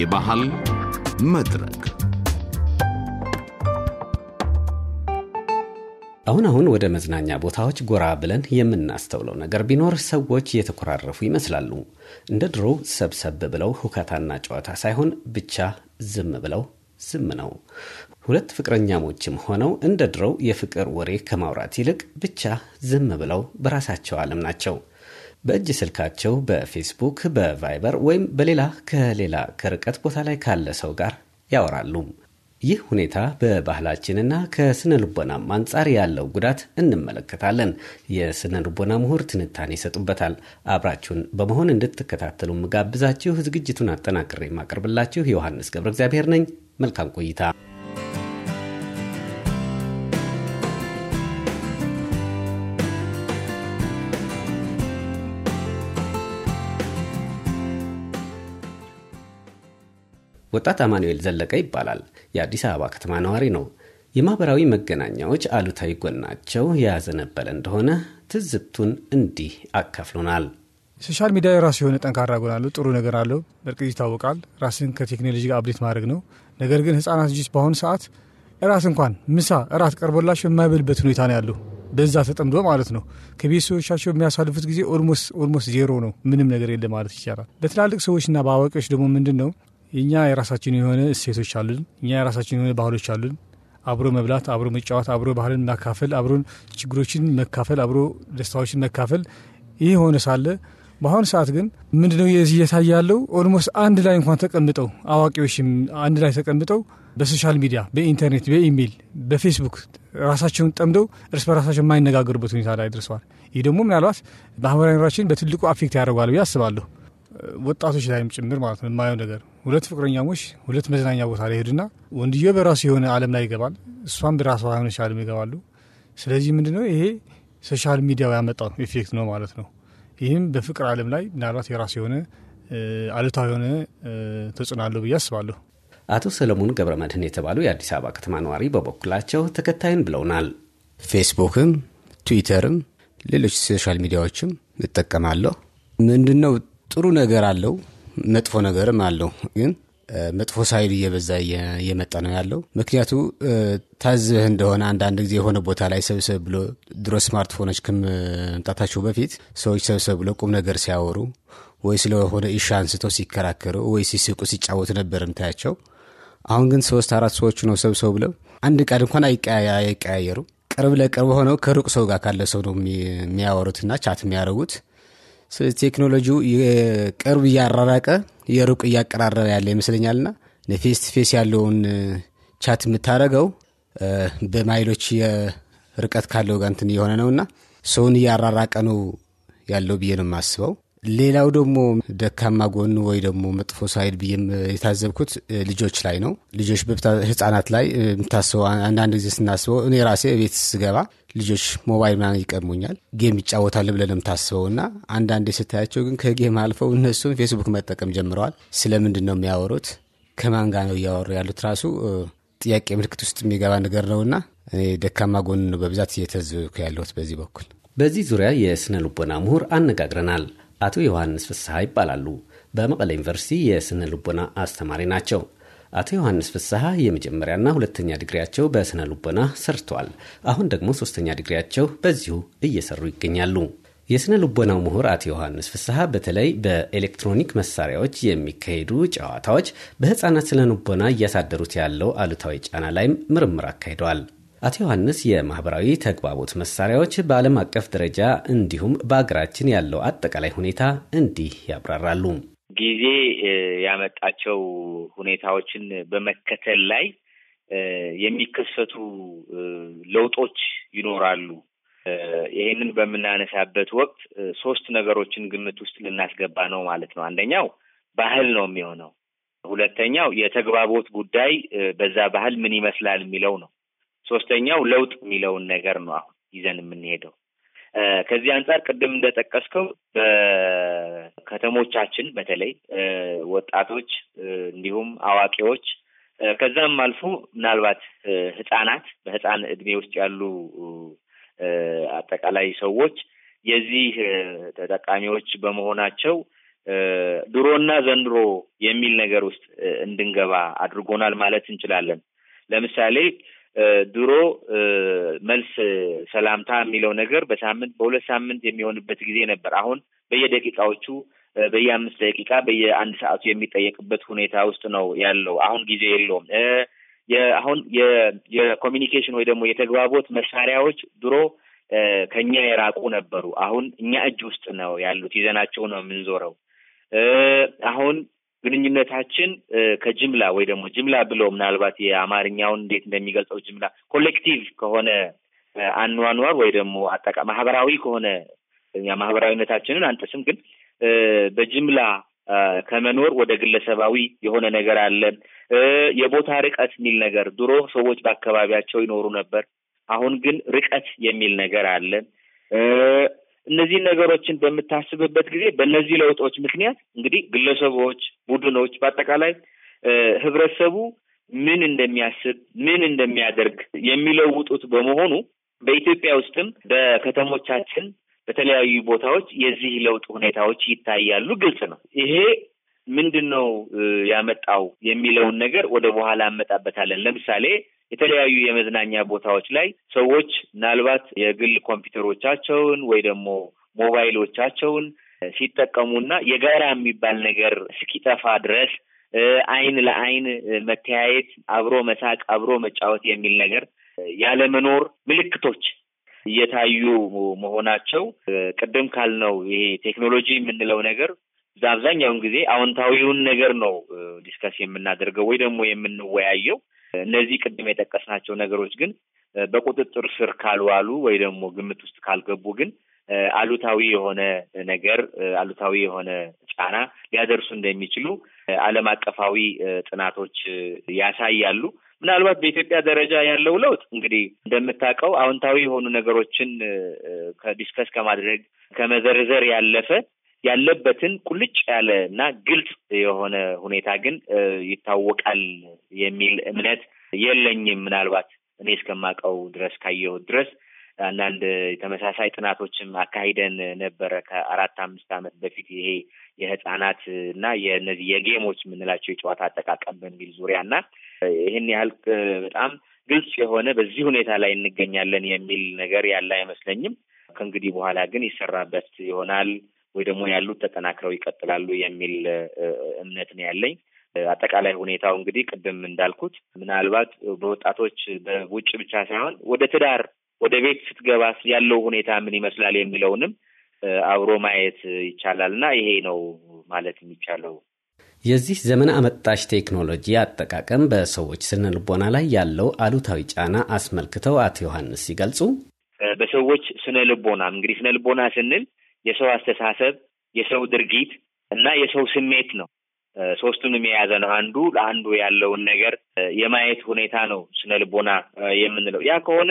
የባህል መድረክ አሁን አሁን ወደ መዝናኛ ቦታዎች ጎራ ብለን የምናስተውለው ነገር ቢኖር ሰዎች እየተኮራረፉ ይመስላሉ። እንደ ድሮው ሰብሰብ ብለው ሁከታና ጨዋታ ሳይሆን ብቻ ዝም ብለው ዝም ነው። ሁለት ፍቅረኛሞችም ሆነው እንደ ድሮው የፍቅር ወሬ ከማውራት ይልቅ ብቻ ዝም ብለው በራሳቸው ዓለም ናቸው። በእጅ ስልካቸው በፌስቡክ፣ በቫይበር ወይም በሌላ ከሌላ ከርቀት ቦታ ላይ ካለ ሰው ጋር ያወራሉ። ይህ ሁኔታ በባህላችንና ከስነ ልቦናም አንጻር ያለው ጉዳት እንመለከታለን። የስነ ልቦና ምሁር ትንታኔ ይሰጡበታል። አብራችሁን በመሆን እንድትከታተሉ ምጋብዛችሁ ዝግጅቱን አጠናክሬ የማቀርብላችሁ ዮሐንስ ገብረ እግዚአብሔር ነኝ። መልካም ቆይታ። ወጣት አማኑኤል ዘለቀ ይባላል። የአዲስ አበባ ከተማ ነዋሪ ነው። የማህበራዊ መገናኛዎች አሉታዊ ጎናቸው ነበለ እንደሆነ ትዝብቱን እንዲህ አካፍሎናል። ሶሻል ሚዲያ የራሱ የሆነ ጠንካራ ጎን አለው፣ ጥሩ ነገር አለው። በእርግጥ ይታወቃል። ራስን ከቴክኖሎጂ ጋር አብዴት ማድረግ ነው። ነገር ግን ህጻናት ልጆች በአሁኑ ሰዓት እራት እንኳን ምሳ እራት ቀርቦላቸው የማይበልበት ሁኔታ ነው ያለው። በዛ ተጠምዶ ማለት ነው። ከቤተሰቦቻቸው የሚያሳልፉት ጊዜ ኦልሞስት ዜሮ ነው። ምንም ነገር የለ ማለት ይቻላል። በትላልቅ ሰዎችና በአዋቂዎች ደግሞ ምንድን ነው የእኛ የራሳችን የሆነ እሴቶች አሉን። እኛ የራሳችን የሆነ ባህሎች አሉን። አብሮ መብላት፣ አብሮ መጫወት፣ አብሮ ባህልን መካፈል፣ አብሮ ችግሮችን መካፈል፣ አብሮ ደስታዎችን መካፈል ይህ የሆነ ሳለ በአሁኑ ሰዓት ግን ምንድነው እየታየ ያለው? ኦልሞስት አንድ ላይ እንኳን ተቀምጠው አዋቂዎችም አንድ ላይ ተቀምጠው በሶሻል ሚዲያ፣ በኢንተርኔት፣ በኢሜይል፣ በፌስቡክ ራሳቸውን ጠምደው እርስ በራሳቸው የማይነጋገሩበት ሁኔታ ላይ ደርሰዋል። ይህ ደግሞ ምናልባት ማህበራዊ ኑሯችን በትልቁ አፌክት ያደርጓል ብዬ አስባለሁ። ወጣቶች ላይም ጭምር ማለት ነው የማየው ነገር ሁለት ፍቅረኛሞች ሁለት መዝናኛ ቦታ ላይ ሄድና ወንድዮ በራሱ የሆነ አለም ላይ ይገባል፣ እሷም በራሷ የሆነች ዓለም ይገባሉ። ስለዚህ ምንድነው ይሄ ሶሻል ሚዲያው ያመጣው ኢፌክት ነው ማለት ነው። ይህም በፍቅር አለም ላይ ምናልባት የራሱ የሆነ አሉታዊ የሆነ ተጽዕኖ አለው ብዬ አስባለሁ። አቶ ሰለሞን ገብረ መድህን የተባሉ የአዲስ አበባ ከተማ ነዋሪ በበኩላቸው ተከታይን ብለውናል። ፌስቡክም፣ ትዊተርም ሌሎች ሶሻል ሚዲያዎችም እጠቀማለሁ። ምንድነው ጥሩ ነገር አለው፣ መጥፎ ነገርም አለው። ግን መጥፎ ሳይል እየበዛ እየመጣ ነው ያለው። ምክንያቱ ታዝበህ እንደሆነ አንዳንድ ጊዜ የሆነ ቦታ ላይ ሰብሰብ ብሎ ድሮ ስማርትፎኖች ከመምጣታቸው በፊት ሰዎች ሰብሰብ ብሎ ቁም ነገር ሲያወሩ ወይ ስለሆነ ኢሻ አንስቶ ሲከራከሩ ወይ ሲስቁ ሲጫወቱ ነበር ምታያቸው። አሁን ግን ሶስት አራት ሰዎች ነው ሰብሰው ብለው አንድ ቃል እንኳን አይቀያየሩ። ቅርብ ለቅርብ ሆነው ከሩቅ ሰው ጋር ካለ ሰው ነው የሚያወሩትና ቻት የሚያደርጉት። ቴክኖሎጂው ቅርብ እያራራቀ የሩቅ እያቀራረበ ያለ ና ፌስ ፌስ ያለውን ቻት የምታደረገው በማይሎች ርቀት ካለው ጋር እንትን የሆነ ነውና ሰውን እያራራቀ ነው ያለው ብዬ ነው የማስበው። ሌላው ደግሞ ደካማ ጎን ወይ ደግሞ መጥፎ ሳይድ ብዬም የታዘብኩት ልጆች ላይ ነው። ልጆች ህጻናት ላይ የምታስበው አንዳንድ ጊዜ ስናስበው እኔ ራሴ ቤት ስገባ ልጆች ሞባይል ምናምን ይቀድሙኛል። ጌም ይጫወታል ብለን የምታስበው እና አንዳንዴ ስታያቸው ግን ከጌም አልፈው እነሱም ፌስቡክ መጠቀም ጀምረዋል። ስለምንድን ነው የሚያወሩት? ከማን ጋር ነው እያወሩ ያሉት? ራሱ ጥያቄ ምልክት ውስጥ የሚገባ ነገር ነው እና ደካማ ጎን ነው በብዛት እየተዘብኩ ያለሁት በዚህ በኩል። በዚህ ዙሪያ የስነ ልቦና ምሁር አነጋግረናል። አቶ ዮሐንስ ፍስሐ ይባላሉ። በመቀለ ዩኒቨርሲቲ የስነ ልቦና አስተማሪ ናቸው። አቶ ዮሐንስ ፍስሐ የመጀመሪያና ሁለተኛ ዲግሪያቸው በስነ ልቦና ሰርተዋል። አሁን ደግሞ ሶስተኛ ዲግሪያቸው በዚሁ እየሰሩ ይገኛሉ። የስነ ልቦናው ምሁር አቶ ዮሐንስ ፍስሐ በተለይ በኤሌክትሮኒክ መሳሪያዎች የሚካሄዱ ጨዋታዎች በህፃናት ስነ ልቦና እያሳደሩት ያለው አሉታዊ ጫና ላይም ምርምር አካሂደዋል። አቶ ዮሐንስ የማህበራዊ ተግባቦት መሳሪያዎች በዓለም አቀፍ ደረጃ እንዲሁም በሀገራችን ያለው አጠቃላይ ሁኔታ እንዲህ ያብራራሉ። ጊዜ ያመጣቸው ሁኔታዎችን በመከተል ላይ የሚከሰቱ ለውጦች ይኖራሉ። ይህንን በምናነሳበት ወቅት ሶስት ነገሮችን ግምት ውስጥ ልናስገባ ነው ማለት ነው። አንደኛው ባህል ነው የሚሆነው። ሁለተኛው የተግባቦት ጉዳይ በዛ ባህል ምን ይመስላል የሚለው ነው። ሶስተኛው ለውጥ የሚለውን ነገር ነው አሁን ይዘን የምንሄደው። ከዚህ አንጻር ቅድም እንደጠቀስከው በከተሞቻችን በተለይ ወጣቶች እንዲሁም አዋቂዎች ከዛም አልፎ ምናልባት ህጻናት በህፃን እድሜ ውስጥ ያሉ አጠቃላይ ሰዎች የዚህ ተጠቃሚዎች በመሆናቸው ድሮና ዘንድሮ የሚል ነገር ውስጥ እንድንገባ አድርጎናል ማለት እንችላለን። ለምሳሌ ድሮ መልስ ሰላምታ የሚለው ነገር በሳምንት በሁለት ሳምንት የሚሆንበት ጊዜ ነበር። አሁን በየደቂቃዎቹ በየአምስት ደቂቃ በየአንድ ሰዓቱ የሚጠየቅበት ሁኔታ ውስጥ ነው ያለው። አሁን ጊዜ የለውም። አሁን የኮሚኒኬሽን ወይ ደግሞ የተግባቦት መሳሪያዎች ድሮ ከኛ የራቁ ነበሩ። አሁን እኛ እጅ ውስጥ ነው ያሉት፣ ይዘናቸው ነው የምንዞረው። አሁን ግንኙነታችን ከጅምላ ወይ ደግሞ ጅምላ ብለው ምናልባት የአማርኛውን እንዴት እንደሚገልጸው ጅምላ ኮሌክቲቭ ከሆነ አኗኗር ወይ ደግሞ አጠቃ ማህበራዊ ከሆነ እኛ ማህበራዊነታችንን አንጥስም፣ ግን በጅምላ ከመኖር ወደ ግለሰባዊ የሆነ ነገር አለ የቦታ ርቀት የሚል ነገር ድሮ ሰዎች በአካባቢያቸው ይኖሩ ነበር። አሁን ግን ርቀት የሚል ነገር አለ። እነዚህ ነገሮችን በምታስብበት ጊዜ በእነዚህ ለውጦች ምክንያት እንግዲህ ግለሰቦች፣ ቡድኖች በአጠቃላይ ህብረተሰቡ ምን እንደሚያስብ ምን እንደሚያደርግ የሚለውጡት በመሆኑ በኢትዮጵያ ውስጥም በከተሞቻችን በተለያዩ ቦታዎች የዚህ ለውጥ ሁኔታዎች ይታያሉ። ግልጽ ነው። ይሄ ምንድን ነው ያመጣው የሚለውን ነገር ወደ በኋላ እንመጣበታለን። ለምሳሌ የተለያዩ የመዝናኛ ቦታዎች ላይ ሰዎች ምናልባት የግል ኮምፒውተሮቻቸውን ወይ ደግሞ ሞባይሎቻቸውን ሲጠቀሙና የጋራ የሚባል ነገር እስኪጠፋ ድረስ አይን ለአይን መተያየት፣ አብሮ መሳቅ፣ አብሮ መጫወት የሚል ነገር ያለመኖር ምልክቶች እየታዩ መሆናቸው ቅድም ካልነው ይሄ ቴክኖሎጂ የምንለው ነገር አብዛኛውን ጊዜ አዎንታዊውን ነገር ነው ዲስከስ የምናደርገው ወይ ደግሞ የምንወያየው። እነዚህ ቅድም የጠቀስናቸው ነገሮች ግን በቁጥጥር ስር ካልዋሉ ወይ ደግሞ ግምት ውስጥ ካልገቡ ግን አሉታዊ የሆነ ነገር አሉታዊ የሆነ ጫና ሊያደርሱ እንደሚችሉ ዓለም አቀፋዊ ጥናቶች ያሳያሉ። ምናልባት በኢትዮጵያ ደረጃ ያለው ለውጥ እንግዲህ እንደምታውቀው አዎንታዊ የሆኑ ነገሮችን ከዲስከስ ከማድረግ ከመዘርዘር ያለፈ ያለበትን ቁልጭ ያለ እና ግልጽ የሆነ ሁኔታ ግን ይታወቃል የሚል እምነት የለኝም። ምናልባት እኔ እስከማውቀው ድረስ ካየሁት ድረስ አንዳንድ ተመሳሳይ ጥናቶችም አካሂደን ነበረ ከአራት አምስት ዓመት በፊት ይሄ የህፃናት እና የእነዚህ የጌሞች የምንላቸው የጨዋታ አጠቃቀም በሚል ዙሪያ እና ይህን ያህል በጣም ግልጽ የሆነ በዚህ ሁኔታ ላይ እንገኛለን የሚል ነገር ያለ አይመስለኝም። ከእንግዲህ በኋላ ግን ይሰራበት ይሆናል ወይ ደግሞ ያሉት ተጠናክረው ይቀጥላሉ የሚል እምነት ነው ያለኝ። አጠቃላይ ሁኔታው እንግዲህ ቅድም እንዳልኩት ምናልባት በወጣቶች በውጭ ብቻ ሳይሆን ወደ ትዳር ወደ ቤት ስትገባ ያለው ሁኔታ ምን ይመስላል የሚለውንም አብሮ ማየት ይቻላል እና ይሄ ነው ማለት የሚቻለው። የዚህ ዘመን አመጣሽ ቴክኖሎጂ አጠቃቀም በሰዎች ስነ ልቦና ላይ ያለው አሉታዊ ጫና አስመልክተው አቶ ዮሐንስ ሲገልጹ በሰዎች ስነ ልቦና እንግዲህ ስነ ልቦና ስንል የሰው አስተሳሰብ፣ የሰው ድርጊት እና የሰው ስሜት ነው። ሶስቱንም የያዘ ነው። አንዱ ለአንዱ ያለውን ነገር የማየት ሁኔታ ነው ስነ ልቦና የምንለው። ያ ከሆነ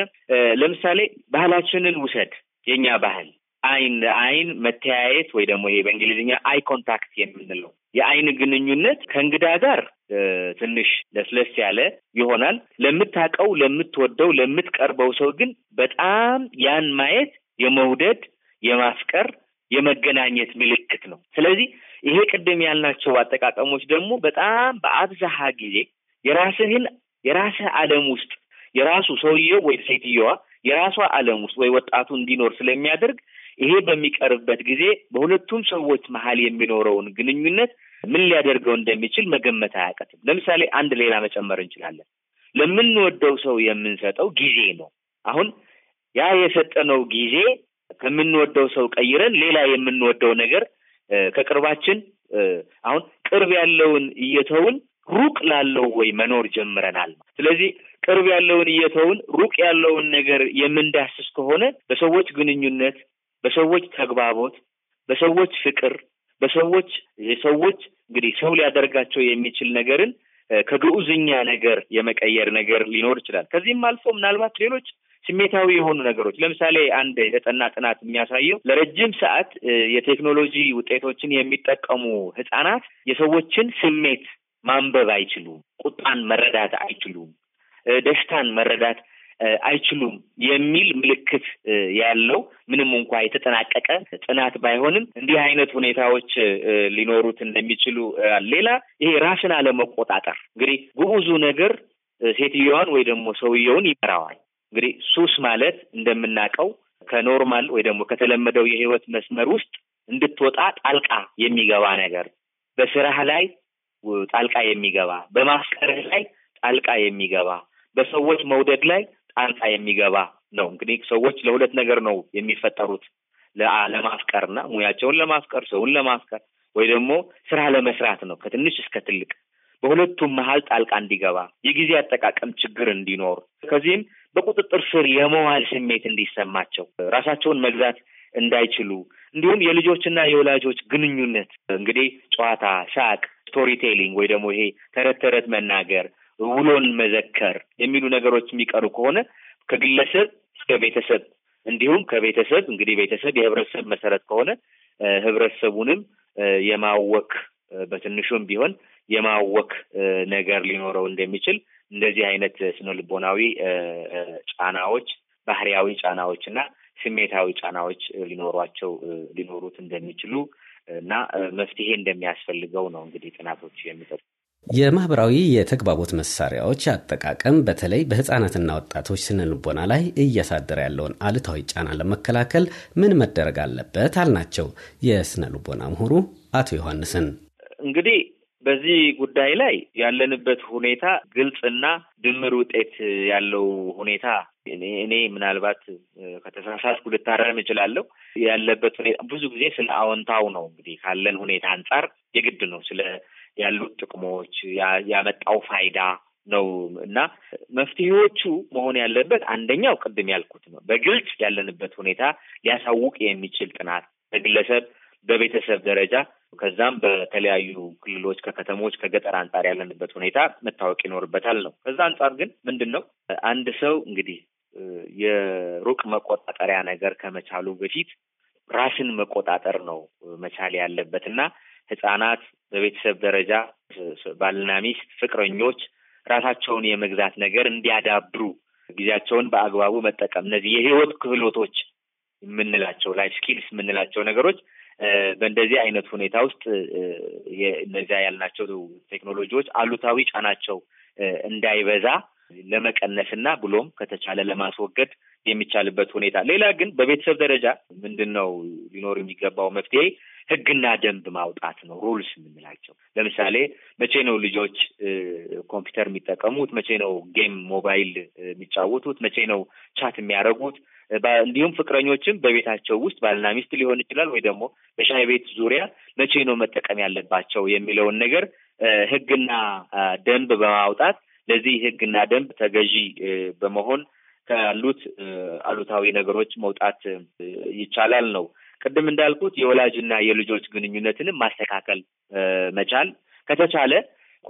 ለምሳሌ ባህላችንን ውሰድ። የኛ ባህል አይን አይን መተያየት ወይ ደግሞ ይሄ በእንግሊዝኛ አይ ኮንታክት የምንለው የአይን ግንኙነት ከእንግዳ ጋር ትንሽ ለስለስ ያለ ይሆናል። ለምታውቀው፣ ለምትወደው፣ ለምትቀርበው ሰው ግን በጣም ያን ማየት የመውደድ የማፍቀር የመገናኘት ምልክት ነው። ስለዚህ ይሄ ቅድም ያልናቸው አጠቃቀሞች ደግሞ በጣም በአብዛሃ ጊዜ የራስህን የራስህ ዓለም ውስጥ የራሱ ሰውየው ወይ ሴትየዋ የራሷ ዓለም ውስጥ ወይ ወጣቱ እንዲኖር ስለሚያደርግ ይሄ በሚቀርብበት ጊዜ በሁለቱም ሰዎች መሀል የሚኖረውን ግንኙነት ምን ሊያደርገው እንደሚችል መገመት አያቀትም። ለምሳሌ አንድ ሌላ መጨመር እንችላለን። ለምንወደው ሰው የምንሰጠው ጊዜ ነው። አሁን ያ የሰጠነው ጊዜ ከምንወደው ሰው ቀይረን ሌላ የምንወደው ነገር ከቅርባችን አሁን ቅርብ ያለውን እየተውን ሩቅ ላለው ወይ መኖር ጀምረናል። ስለዚህ ቅርብ ያለውን እየተውን ሩቅ ያለውን ነገር የምንዳስስ ከሆነ በሰዎች ግንኙነት፣ በሰዎች ተግባቦት፣ በሰዎች ፍቅር፣ በሰዎች የሰዎች እንግዲህ ሰው ሊያደርጋቸው የሚችል ነገርን ከግዑዝኛ ነገር የመቀየር ነገር ሊኖር ይችላል። ከዚህም አልፎ ምናልባት ሌሎች ስሜታዊ የሆኑ ነገሮች ለምሳሌ አንድ የተጠና ጥናት የሚያሳየው ለረጅም ሰዓት የቴክኖሎጂ ውጤቶችን የሚጠቀሙ ህጻናት የሰዎችን ስሜት ማንበብ አይችሉም፣ ቁጣን መረዳት አይችሉም፣ ደስታን መረዳት አይችሉም የሚል ምልክት ያለው ምንም እንኳ የተጠናቀቀ ጥናት ባይሆንም እንዲህ አይነት ሁኔታዎች ሊኖሩት እንደሚችሉ ሌላ ይሄ ራስን አለመቆጣጠር እንግዲህ ግዑዙ ነገር ሴትዮዋን ወይ ደግሞ ሰውየውን ይመራዋል። እንግዲህ ሱስ ማለት እንደምናውቀው ከኖርማል ወይ ደግሞ ከተለመደው የህይወት መስመር ውስጥ እንድትወጣ ጣልቃ የሚገባ ነገር፣ በስራህ ላይ ጣልቃ የሚገባ፣ በማፍቀርህ ላይ ጣልቃ የሚገባ፣ በሰዎች መውደድ ላይ ጣልቃ የሚገባ ነው። እንግዲህ ሰዎች ለሁለት ነገር ነው የሚፈጠሩት ለማፍቀር ሙያቸውን ለማፍቀር፣ ሰውን ለማፍቀር ወይ ደግሞ ስራ ለመስራት ነው ከትንሽ እስከ ትልቅ በሁለቱም መሀል ጣልቃ እንዲገባ፣ የጊዜ አጠቃቀም ችግር እንዲኖር፣ ከዚህም በቁጥጥር ስር የመዋል ስሜት እንዲሰማቸው፣ ራሳቸውን መግዛት እንዳይችሉ እንዲሁም የልጆችና የወላጆች ግንኙነት እንግዲህ ጨዋታ፣ ሳቅ፣ ስቶሪቴሊንግ ወይ ደግሞ ይሄ ተረት ተረት መናገር፣ ውሎን መዘከር የሚሉ ነገሮች የሚቀሩ ከሆነ ከግለሰብ እስከ ቤተሰብ እንዲሁም ከቤተሰብ እንግዲህ ቤተሰብ የህብረተሰብ መሰረት ከሆነ ህብረተሰቡንም የማወክ በትንሹም ቢሆን የማወክ ነገር ሊኖረው እንደሚችል እንደዚህ አይነት ስነልቦናዊ ጫናዎች፣ ባህሪያዊ ጫናዎች እና ስሜታዊ ጫናዎች ሊኖሯቸው ሊኖሩት እንደሚችሉ እና መፍትሄ እንደሚያስፈልገው ነው እንግዲህ ጥናቶች የሚጠቁ የማህበራዊ የተግባቦት መሳሪያዎች አጠቃቀም በተለይ በህፃናትና ወጣቶች ስነ ልቦና ላይ እያሳደረ ያለውን አልታዊ ጫና ለመከላከል ምን መደረግ አለበት አልናቸው የስነ ልቦና ምሁሩ አቶ ዮሐንስን። እንግዲህ በዚህ ጉዳይ ላይ ያለንበት ሁኔታ ግልጽና ድምር ውጤት ያለው ሁኔታ እኔ ምናልባት ከተሳሳትኩ ልታረም እችላለሁ። ያለበት ሁኔታ ብዙ ጊዜ ስለ አዎንታው ነው። እንግዲህ ካለን ሁኔታ አንጻር የግድ ነው ስለ ያሉት ጥቅሞች ያመጣው ፋይዳ ነው እና መፍትሄዎቹ መሆን ያለበት አንደኛው ቅድም ያልኩት ነው። በግልጽ ያለንበት ሁኔታ ሊያሳውቅ የሚችል ጥናት በግለሰብ በቤተሰብ ደረጃ ከዛም በተለያዩ ክልሎች ከከተሞች ከገጠር አንጻር ያለንበት ሁኔታ መታወቅ ይኖርበታል ነው። ከዛ አንጻር ግን ምንድን ነው አንድ ሰው እንግዲህ የሩቅ መቆጣጠሪያ ነገር ከመቻሉ በፊት ራስን መቆጣጠር ነው መቻል ያለበት እና ህጻናት በቤተሰብ ደረጃ ባልና ሚስት፣ ፍቅረኞች ራሳቸውን የመግዛት ነገር እንዲያዳብሩ ጊዜያቸውን በአግባቡ መጠቀም እነዚህ የህይወት ክህሎቶች የምንላቸው ላይፍ ስኪልስ የምንላቸው ነገሮች በእንደዚህ አይነት ሁኔታ ውስጥ እነዚያ ያልናቸው ቴክኖሎጂዎች አሉታዊ ጫናቸው እንዳይበዛ ለመቀነስ ብሎም ከተቻለ ለማስወገድ የሚቻልበት ሁኔታ። ሌላ ግን በቤተሰብ ደረጃ ምንድን ነው ሊኖር የሚገባው መፍትሄ ህግና ደንብ ማውጣት ነው። ሩልስ የምንላቸው ለምሳሌ መቼ ነው ልጆች ኮምፒውተር የሚጠቀሙት፣ መቼ ነው ጌም ሞባይል የሚጫወቱት፣ መቼ ነው ቻት የሚያደርጉት፣ እንዲሁም ፍቅረኞችም በቤታቸው ውስጥ ባልና ሚስት ሊሆን ይችላል ወይ ደግሞ በሻይ ቤት ዙሪያ መቼ ነው መጠቀም ያለባቸው የሚለውን ነገር ህግና ደንብ በማውጣት ለዚህ ህግና ደንብ ተገዢ በመሆን ካሉት አሉታዊ ነገሮች መውጣት ይቻላል ነው። ቅድም እንዳልኩት የወላጅና የልጆች ግንኙነትንም ማስተካከል መቻል ከተቻለ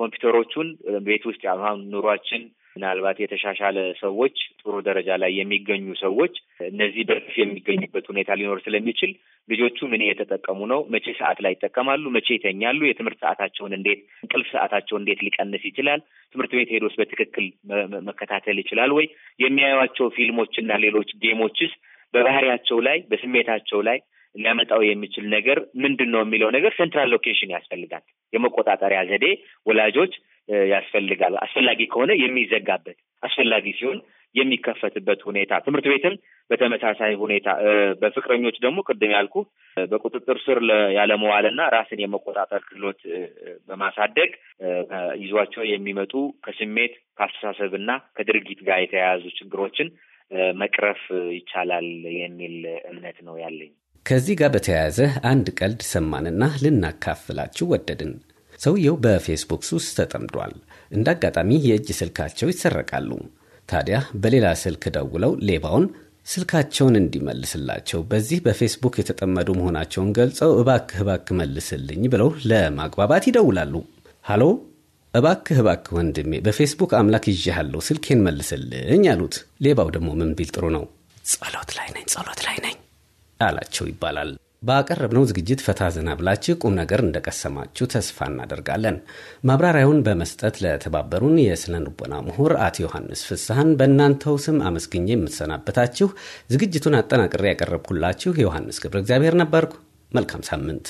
ኮምፒውተሮቹን ቤት ውስጥ አሁን ኑሯችን ምናልባት የተሻሻለ ሰዎች ጥሩ ደረጃ ላይ የሚገኙ ሰዎች እነዚህ በፊት የሚገኙበት ሁኔታ ሊኖር ስለሚችል ልጆቹ ምን እየተጠቀሙ ነው፣ መቼ ሰዓት ላይ ይጠቀማሉ፣ መቼ ይተኛሉ፣ የትምህርት ሰዓታቸውን እንዴት እንቅልፍ ሰዓታቸውን እንዴት ሊቀንስ ይችላል፣ ትምህርት ቤት ሄዶስ በትክክል መከታተል ይችላል ወይ፣ የሚያዩቸው ፊልሞችና ሌሎች ጌሞችስ በባህሪያቸው ላይ በስሜታቸው ላይ ሊያመጣው የሚችል ነገር ምንድን ነው የሚለው ነገር ሴንትራል ሎኬሽን ያስፈልጋል። የመቆጣጠሪያ ዘዴ ወላጆች ያስፈልጋል። አስፈላጊ ከሆነ የሚዘጋበት አስፈላጊ ሲሆን የሚከፈትበት ሁኔታ፣ ትምህርት ቤትም በተመሳሳይ ሁኔታ፣ በፍቅረኞች ደግሞ ቅድም ያልኩ በቁጥጥር ስር ያለመዋልና ራስን የመቆጣጠር ክህሎት በማሳደግ ይዟቸው የሚመጡ ከስሜት ከአስተሳሰብና ከድርጊት ጋር የተያያዙ ችግሮችን መቅረፍ ይቻላል የሚል እምነት ነው ያለኝ። ከዚህ ጋር በተያያዘ አንድ ቀልድ ሰማንና ልናካፍላችሁ ወደድን። ሰውየው በፌስቡክ ሱስ ተጠምዷል። እንደ አጋጣሚ የእጅ ስልካቸው ይሰረቃሉ። ታዲያ በሌላ ስልክ ደውለው ሌባውን ስልካቸውን እንዲመልስላቸው በዚህ በፌስቡክ የተጠመዱ መሆናቸውን ገልጸው እባክህ እባክህ መልስልኝ ብለው ለማግባባት ይደውላሉ። ሃሎ፣ እባክህ እባክህ ወንድሜ በፌስቡክ አምላክ ይዤሃለሁ ስልኬን መልስልኝ አሉት። ሌባው ደግሞ ምን ቢል ጥሩ ነው? ጸሎት ላይ ነኝ፣ ጸሎት ላይ ነኝ አላቸው ይባላል። ባቀረብነው ዝግጅት ፈታ ዘና ብላችሁ ቁም ነገር እንደቀሰማችሁ ተስፋ እናደርጋለን። ማብራሪያውን በመስጠት ለተባበሩን የስነ ልቦና ምሁር አቶ ዮሐንስ ፍስሐን በእናንተው ስም አመስግኜ የምትሰናበታችሁ ዝግጅቱን አጠናቅሬ ያቀረብኩላችሁ ዮሐንስ ገብረ እግዚአብሔር ነበርኩ። መልካም ሳምንት።